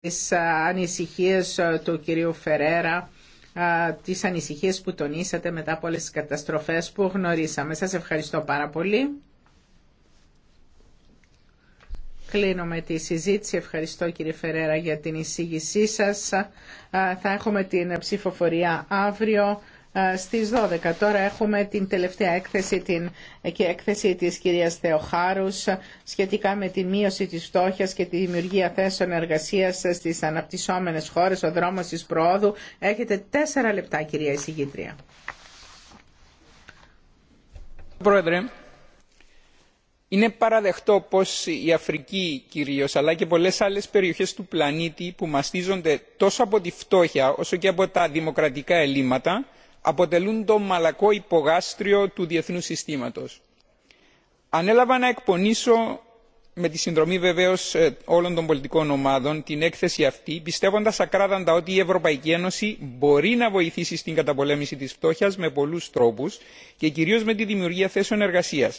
τις ανησυχίες του κυρίου Φερέρα, τις ανησυχίες που τονίσατε μετά από όλες τις καταστροφές που γνωρίσαμε. Σας ευχαριστώ πάρα πολύ. Κλείνουμε τη συζήτηση. Ευχαριστώ κύριε Φερέρα για την εισήγησή σας. Θα έχουμε την ψηφοφορία αύριο στις 12. Τώρα έχουμε την τελευταία έκθεση, την και έκθεση της κυρίας Θεοχάρους σχετικά με τη μείωση της φτώχειας και τη δημιουργία θέσεων εργασίας στις αναπτυσσόμενες χώρες, ο δρόμος της προόδου. Έχετε τέσσερα λεπτά κυρία εισηγήτρια. Πρόεδρε, είναι παραδεχτό πως η Αφρική κυρίως αλλά και πολλές άλλες περιοχές του πλανήτη που μαστίζονται τόσο από τη φτώχεια όσο και από τα δημοκρατικά ελλείμματα αποτελούν το μαλακό υπογάστριο του διεθνού συστήματος. ανέλαβα να εκπονήσω με τη συνδρομή βεβαίω ε, όλων των πολιτικών ομάδων την έκθεση αυτή πιστεύοντας ακράδαντα ότι η ευρωπαϊκή ένωση μπορεί να βοηθήσει στην καταπολέμηση της φτώχειας με πολλούς τρόπους και κυρίως με τη δημιουργία θέσεων εργασία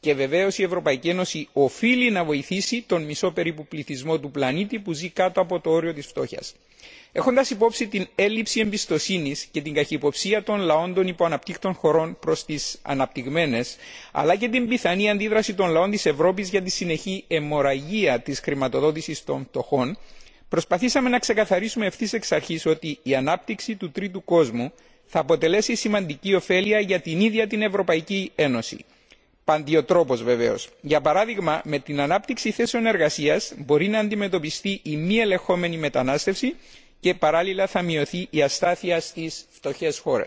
και βεβαίω η ευρωπαϊκή ένωση οφείλει να βοηθήσει τον μισό περίπου πληθυσμό του πλανήτη που ζει κάτω από το όριο τη φτώχεια, έχοντα υπόψη την έλλειψη εμπιστοσύνη και την καχυποψία των λαών των υποαναπτύκτων χωρών προ τι αναπτυγμένε, αλλά και την πιθανή αντίδραση των λαών τη Ευρώπη για τη συνεχή αιμορραγία τη χρηματοδότηση των φτωχών προσπαθήσαμε να ξεκαθαρίσουμε ευθύ εξ αρχή ότι η ανάπτυξη του τρίτου κόσμου θα αποτελέσει σημαντική ωφέλεια για την ίδια την ευρωπαϊκή ένωση τρόπο βεβαίω. για παράδειγμα με την ανάπτυξη θέσεων εργασία μπορεί να αντιμετωπιστεί η μη ελεγχόμενη μετανάστευση και παράλληλα θα μειωθεί η αστάθεια στι φτωχέ χώρε.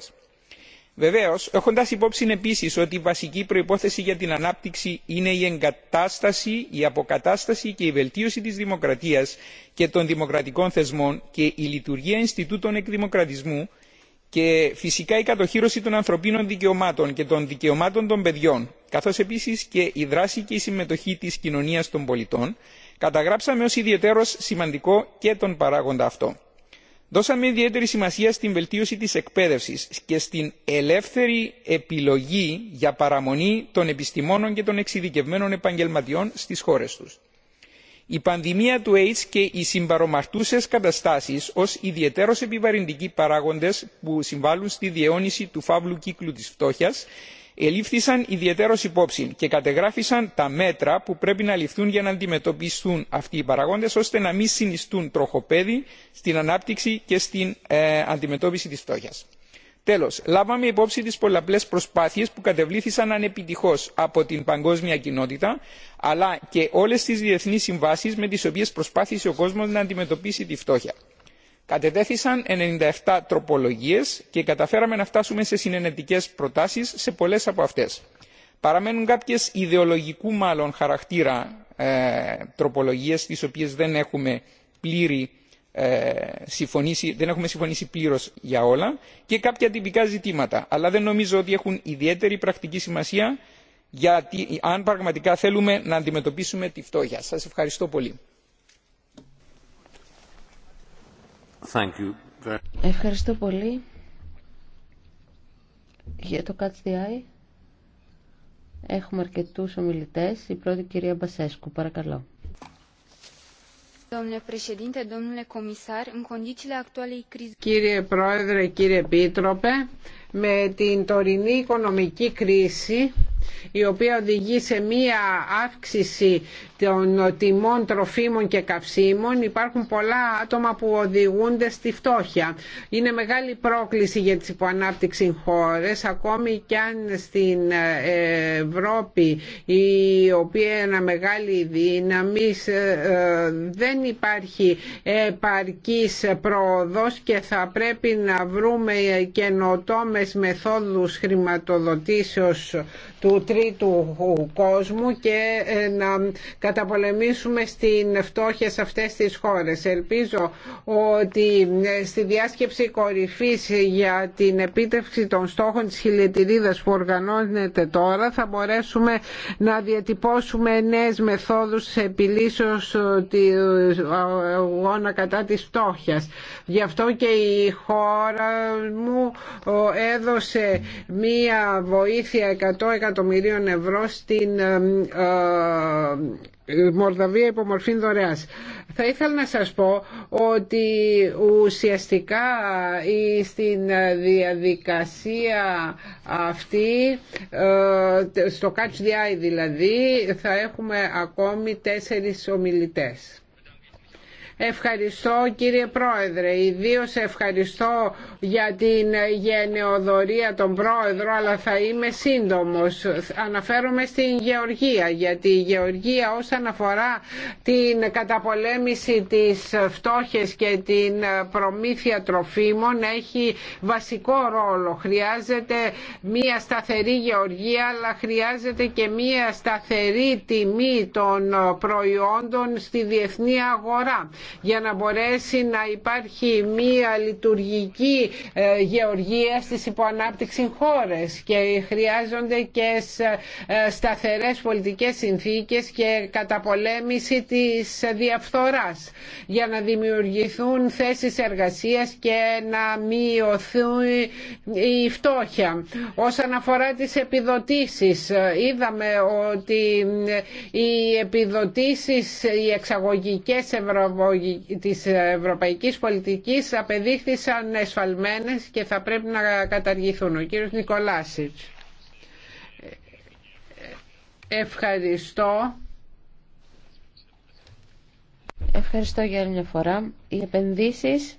Βεβαίω, έχοντα υπόψη επίση ότι η βασική προπόθεση για την ανάπτυξη είναι η εγκατάσταση η αποκατάσταση και η βελτίωση τη δημοκρατία και των δημοκρατικών θεσμών και η λειτουργία ινστιτούτων εκδημοκρατισμού και φυσικά η κατοχύρωση των ανθρωπίνων δικαιωμάτων και των δικαιωμάτων των παιδιών καθώς επίσης και η δράση και η συμμετοχή της κοινωνίας των πολιτών καταγράψαμε ως ιδιαιτέρως σημαντικό και τον παράγοντα αυτό. δώσαμε ιδιαίτερη σημασία στην βελτίωση της εκπαίδευσης και στην ελεύθερη επιλογή για παραμονή των επιστημόνων και των εξειδικευμένων επαγγελματιών στις χώρες τους. η πανδημία του aids και οι συμπαρομαρτούσες καταστάσεις ως ιδιαιτέρως επιβαρυντικοί παράγοντες που συμβάλλουν στη διαιώνιση του φαύλου κύκλου της φτώχειας ελήφθησαν ιδιαίτερω υπόψη και κατεγράφησαν τα μέτρα που πρέπει να ληφθούν για να αντιμετωπιστούν αυτοί οι παραγόντε, ώστε να μην συνιστούν τροχοπέδι στην ανάπτυξη και στην ε, αντιμετώπιση της φτώχεια. Τέλος, λάβαμε υπόψη τις πολλαπλές προσπάθειες που κατεβλήθησαν ανεπιτυχώς από την παγκόσμια κοινότητα, αλλά και όλε τι διεθνείς συμβάσει με τι οποίε προσπάθησε ο κόσμο να αντιμετωπίσει τη φτώχεια κατετέθησαν 97 τροπολογίες και καταφέραμε να φτάσουμε σε συνενετικές προτάσεις σε πολλές από αυτές. Παραμένουν κάποιες ιδεολογικού μάλλον χαρακτήρα τροπολογίε τροπολογίες τις οποίες δεν έχουμε, πλήρη, ε, συμφωνήσει, δεν έχουμε πλήρως για όλα και κάποια τυπικά ζητήματα. Αλλά δεν νομίζω ότι έχουν ιδιαίτερη πρακτική σημασία γιατί αν πραγματικά θέλουμε να αντιμετωπίσουμε τη φτώχεια. Σας ευχαριστώ πολύ. Ευχαριστώ πολύ για το ΚΑΤΣΔΙ. Έχουμε αρκετούς ομιλητές. Η πρώτη κυρία Μπασέσκου, παρακαλώ. Κύριε Πρόεδρε, κύριε Επίτροπε, με την τωρινή οικονομική κρίση η οποία οδηγεί σε μία αύξηση των τιμών τροφίμων και καυσίμων υπάρχουν πολλά άτομα που οδηγούνται στη φτώχεια. Είναι μεγάλη πρόκληση για τις υποανάπτυξη χώρες ακόμη και αν στην ε, Ευρώπη η οποία είναι μεγάλη δύναμη ε, ε, δεν υπάρχει επαρκής πρόοδος και θα πρέπει να βρούμε καινοτόμες μεθόδους χρηματοδοτήσεως του τρίτου κόσμου και να καταπολεμήσουμε στην φτώχεια σε αυτές τις χώρες. Ελπίζω ότι ε, στη διάσκεψη κορυφής για την επίτευξη των στόχων της χιλιετηρίδας που οργανώνεται τώρα θα μπορέσουμε να διατυπώσουμε νέες μεθόδους επιλύσεως του αγώνα κατά της φτώχειας. Γι' αυτό και η χώρα μου ε, έδωσε μία βοήθεια 100 εκατομμυρίων ευρώ στην ε, Μολδαβία υπομορφή δωρεάς. Θα ήθελα να σας πω ότι ουσιαστικά στην διαδικασία αυτή, ε, στο Catch the Eye δηλαδή, θα έχουμε ακόμη τέσσερις ομιλητές. Ευχαριστώ κύριε Πρόεδρε, ιδίω ευχαριστώ για την γενεοδορία τον Πρόεδρο, αλλά θα είμαι σύντομος. Αναφέρομαι στην Γεωργία, γιατί η Γεωργία όσον αφορά την καταπολέμηση της φτώχειας και την προμήθεια τροφίμων έχει βασικό ρόλο. Χρειάζεται μία σταθερή γεωργία, αλλά χρειάζεται και μία σταθερή τιμή των προϊόντων στη διεθνή αγορά για να μπορέσει να υπάρχει μία λειτουργική ε, γεωργία στις υποανάπτυξη χώρες και χρειάζονται και ε, σταθερές πολιτικές συνθήκες και καταπολέμηση της διαφθοράς για να δημιουργηθούν θέσεις εργασίας και να μειωθούν η φτώχεια. Όσον αφορά τις επιδοτήσεις, ε, είδαμε ότι οι επιδοτήσεις, οι εξαγωγικές ευρωβογές της ευρωπαϊκής πολιτικής απεδείχθησαν εσφαλμένες και θα πρέπει να καταργηθούν. Ο κύριος Νικολάσιτς. Ευχαριστώ. Ευχαριστώ για άλλη μια φορά. Οι επενδύσεις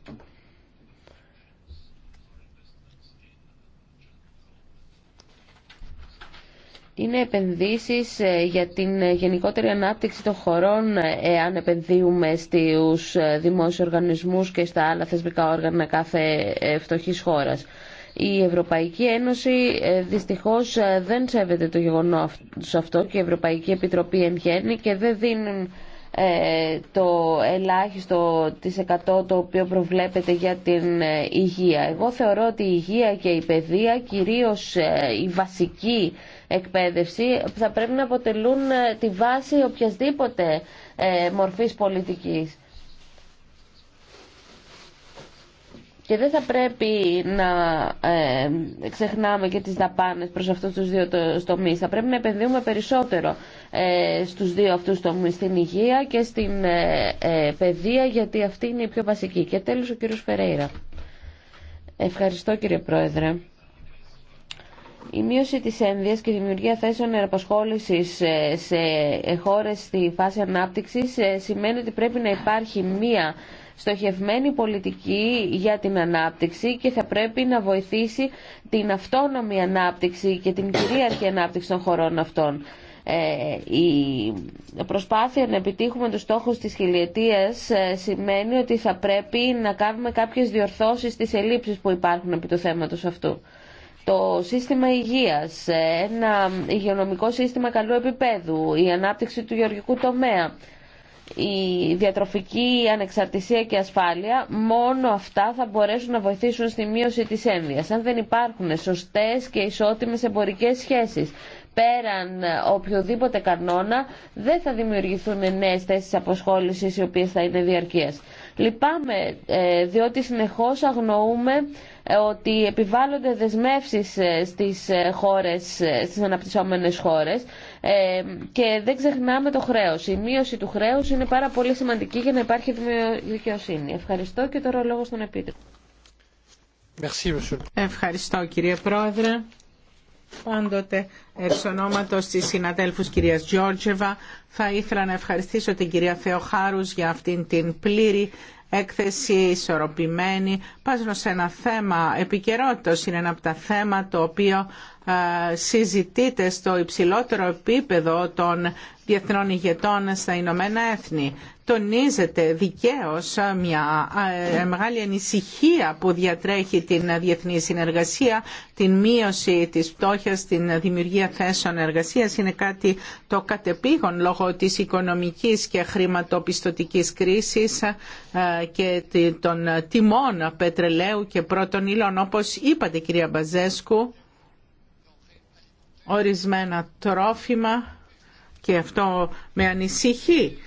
είναι επενδύσεις ε, για την γενικότερη ανάπτυξη των χωρών ε, εάν επενδύουμε στους ε, δημόσιους οργανισμούς και στα άλλα θεσμικά όργανα κάθε φτωχής χώρας. Η Ευρωπαϊκή Ένωση δυστυχώς δεν σέβεται το γεγονός αυτό και η Ευρωπαϊκή Επιτροπή εν γέννη και δεν δίνουν ε, το ελάχιστο της εκατό το οποίο προβλέπεται για την ε, υγεία. Εγώ θεωρώ ότι η υγεία και η παιδεία, κυρίως ε, η βασική εκπαίδευση, θα πρέπει να αποτελούν τη βάση οποιασδήποτε μορφής πολιτικής. Και δεν θα πρέπει να ξεχνάμε και τις δαπάνες προς αυτούς τους δύο τομείς. Θα πρέπει να επενδύουμε περισσότερο. Ε, στους δύο αυτούς τομείς, στην υγεία και στην ε, ε, παιδεία, γιατί αυτή είναι η πιο βασική. Και τέλος ο κύριος Φερέιρα. Ευχαριστώ κύριε Πρόεδρε. Η μείωση της ένδυας και η δημιουργία θέσεων απασχόλησης σε χώρες στη φάση ανάπτυξης σημαίνει ότι πρέπει να υπάρχει μία στοχευμένη πολιτική για την ανάπτυξη και θα πρέπει να βοηθήσει την αυτόνομη ανάπτυξη και την κυρίαρχη ανάπτυξη των χωρών αυτών. Ε, η προσπάθεια να επιτύχουμε τους στόχους της χιλιετίας ε, σημαίνει ότι θα πρέπει να κάνουμε κάποιες διορθώσεις στις ελλείψεις που υπάρχουν επί του θέματος αυτού. Το σύστημα υγείας, ε, ένα υγειονομικό σύστημα καλού επίπεδου, η ανάπτυξη του γεωργικού τομέα, η διατροφική ανεξαρτησία και ασφάλεια, μόνο αυτά θα μπορέσουν να βοηθήσουν στη μείωση της ένδυας. Αν δεν υπάρχουν σωστές και ισότιμες εμπορικές σχέσεις, πέραν οποιοδήποτε κανόνα δεν θα δημιουργηθούν νέες θέσεις αποσχόλησης οι οποίες θα είναι διαρκείας. Λυπάμαι ε, διότι συνεχώς αγνοούμε ε, ότι επιβάλλονται δεσμεύσεις ε, στις χώρες, στις αναπτυσσόμενες χώρες και δεν ξεχνάμε το χρέος. Η μείωση του χρέους είναι πάρα πολύ σημαντική για να υπάρχει δικαιοσύνη. Ευχαριστώ και τώρα ο λόγος στον Επίτροπο. Ευχαριστώ κύριε Πρόεδρε. Πάντοτε εξ ονόματος της συναδέλφους κυρίας Γιώργεβα θα ήθελα να ευχαριστήσω την κυρία Θεοχάρους για αυτήν την πλήρη έκθεση ισορροπημένη. Πάνω σε ένα θέμα επικαιρότητα είναι ένα από τα θέματα το οποίο ε, συζητείται στο υψηλότερο επίπεδο των διεθνών ηγετών στα Ηνωμένα Έθνη. Τονίζεται δικαίως ε, μια ε, μεγάλη ανησυχία που διατρέχει την διεθνή συνεργασία, την μείωση της πτώχειας, την δημιουργία θέσεων εργασίας. Είναι κάτι το κατεπήγον λόγω της οικονομικής και χρηματοπιστωτικής κρίσης και των τιμών πετρελαίου και πρώτων ύλων, όπως είπατε κυρία Μπαζέσκου, ορισμένα τρόφιμα και αυτό με ανησυχεί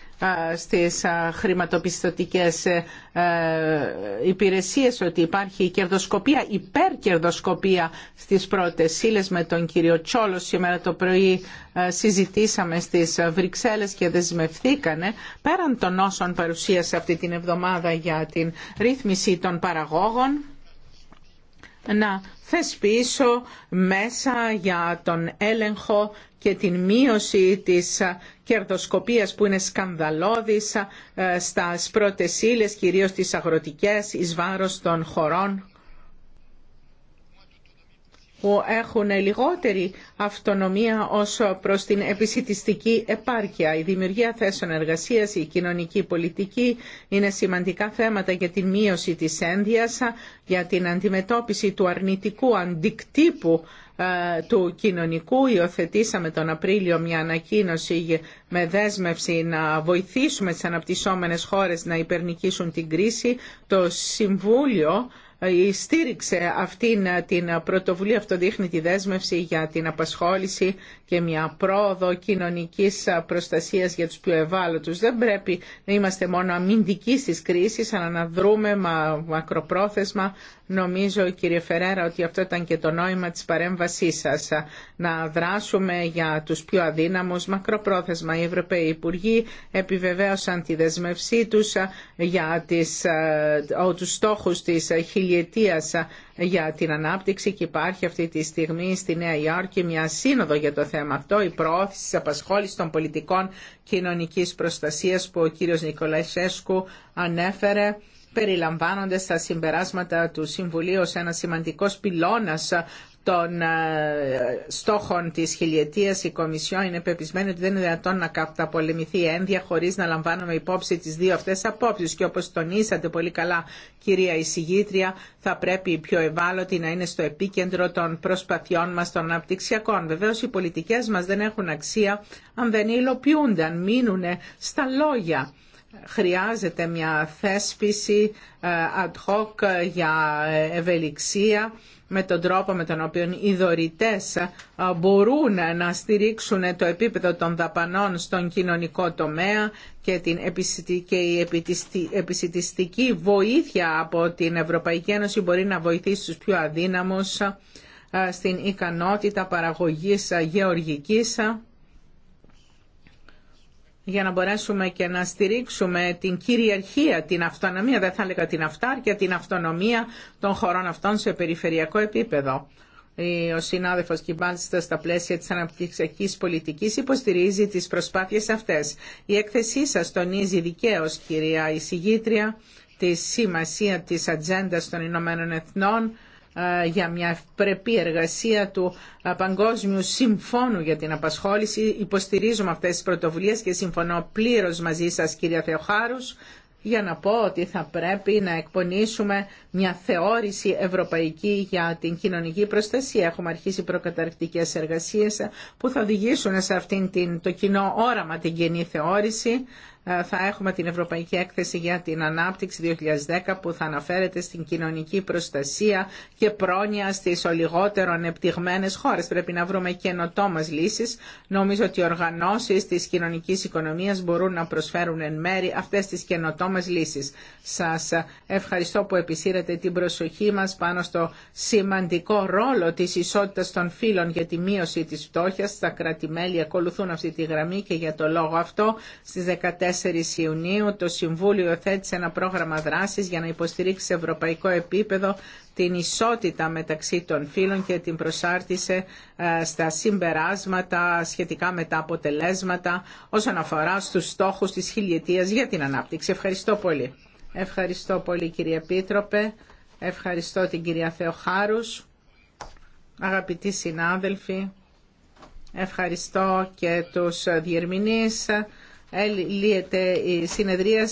στις χρηματοπιστωτικές ε, ε, υπηρεσίες ότι υπάρχει κερδοσκοπία, υπερκερδοσκοπία στις πρώτες σύλλες με τον κύριο Τσόλο σήμερα το πρωί ε, συζητήσαμε στις Βρυξέλλες και δεσμευθήκανε πέραν των όσων παρουσίασε αυτή την εβδομάδα για την ρύθμιση των παραγόγων να θεσπίσω μέσα για τον έλεγχο και την μείωση της κερδοσκοπίας που είναι σκανδαλώδης ε, στις πρώτες ύλες, κυρίως τις αγροτικές, εις βάρος των χωρών που έχουν λιγότερη αυτονομία όσο προς την επισητιστική επάρκεια. Η δημιουργία θέσεων εργασίας, η κοινωνική πολιτική είναι σημαντικά θέματα για την μείωση της ένδυας, για την αντιμετώπιση του αρνητικού αντικτύπου ε, του κοινωνικού. Υιοθετήσαμε τον Απρίλιο μια ανακοίνωση με δέσμευση να βοηθήσουμε τις αναπτυσσόμενες χώρες να υπερνικήσουν την κρίση. Το Συμβούλιο στήριξε αυτήν ε, την ε, πρωτοβουλία, αυτό δείχνει τη δέσμευση για την απασχόληση και μια πρόοδο κοινωνικής ε, προστασίας για τους πιο ευάλωτους. Δεν πρέπει να είμαστε μόνο αμυντικοί στις κρίσεις, αλλά να δρούμε μακροπρόθεσμα. Νομίζω, κύριε Φερέρα, ότι αυτό ήταν και το νόημα της παρέμβασής σας. Να δράσουμε για τους πιο αδύναμους μακροπρόθεσμα. Οι Ευρωπαίοι Υπουργοί επιβεβαίωσαν τη δεσμευσή τους για τις, τους τη για την ανάπτυξη και υπάρχει αυτή τη στιγμή στη Νέα Υόρκη μια σύνοδο για το θέμα αυτό, η προώθηση της απασχόλησης των πολιτικών κοινωνικής προστασίας που ο κύριος Νικολαϊσέσκου ανέφερε περιλαμβάνονται τα συμπεράσματα του Συμβουλίου σε ένα σημαντικός πυλώνας των ε, στόχων της χιλιετίας η Κομισιό είναι πεπισμένη ότι δεν είναι δυνατόν να καταπολεμηθεί η ένδια χωρίς να λαμβάνουμε υπόψη τις δύο αυτές απόψεις και όπως τονίσατε πολύ καλά κυρία εισηγήτρια θα πρέπει οι πιο ευάλωτοι να είναι στο επίκεντρο των προσπαθειών μας των αναπτυξιακών. Βεβαίως οι πολιτικές μας δεν έχουν αξία αν δεν υλοποιούνται, αν μείνουν στα λόγια χρειάζεται μια θέσπιση ε, ad hoc ε, για ευελιξία με τον τρόπο με τον οποίο οι δωρητές ε, μπορούν να στηρίξουν το επίπεδο των δαπανών στον κοινωνικό τομέα και την επισητιστική βοήθεια από την Ευρωπαϊκή Ένωση μπορεί να βοηθήσει τους πιο αδύναμους στην ικανότητα παραγωγής γεωργικής για να μπορέσουμε και να στηρίξουμε την κυριαρχία, την αυτονομία, δεν θα έλεγα την αυτάρκεια, την αυτονομία των χωρών αυτών σε περιφερειακό επίπεδο. Ο συνάδελφος Κιμπάλστα στα πλαίσια της αναπτυξιακής πολιτικής υποστηρίζει τις προσπάθειες αυτές. Η έκθεσή σας τονίζει δικαίως, κυρία εισηγήτρια, τη σημασία της ατζέντα των Ηνωμένων Εθνών ε, για μια πρεπή εργασία του ε, Παγκόσμιου Συμφώνου για την Απασχόληση. Υποστηρίζουμε αυτές τις πρωτοβουλίες και συμφωνώ πλήρως μαζί σας κυρία Θεοχάρους για να πω ότι θα πρέπει να εκπονήσουμε μια θεώρηση ευρωπαϊκή για την κοινωνική προστασία. Έχουμε αρχίσει προκαταρκτικές εργασίες που θα οδηγήσουν σε αυτήν την, το κοινό όραμα, την κοινή θεώρηση. Ε, θα έχουμε την Ευρωπαϊκή Έκθεση για την Ανάπτυξη 2010 που θα αναφέρεται στην κοινωνική προστασία και πρόνοια στις ολιγότερο ανεπτυγμένες χώρες. Πρέπει να βρούμε καινοτόμες λύσεις. Νομίζω ότι οι οργανώσεις της κοινωνικής οικονομίας μπορούν να προσφέρουν εν μέρη αυτές τις καινοτόμες λύσεις. Σας ευχαριστώ που επισύρετε την προσοχή μας πάνω στο σημαντικό ρόλο της ισότητας των φύλων για τη μείωση της φτώχειας. Τα κρατημέλη ακολουθούν αυτή τη γραμμή και για το λόγο αυτό στις 14 4 Ιουνίου το Συμβούλιο θέτησε ένα πρόγραμμα δράσης για να υποστηρίξει σε ευρωπαϊκό επίπεδο την ισότητα μεταξύ των φύλων και την προσάρτησε ε, στα συμπεράσματα σχετικά με τα αποτελέσματα όσον αφορά στους στόχους της χιλιετίας για την ανάπτυξη. Ευχαριστώ πολύ. Ευχαριστώ πολύ κύριε Επίτροπε. Ευχαριστώ την κυρία Θεοχάρους. Αγαπητοί συνάδελφοι, ευχαριστώ και τους διερμηνείς. Ε, λύεται η συνεδρίαση.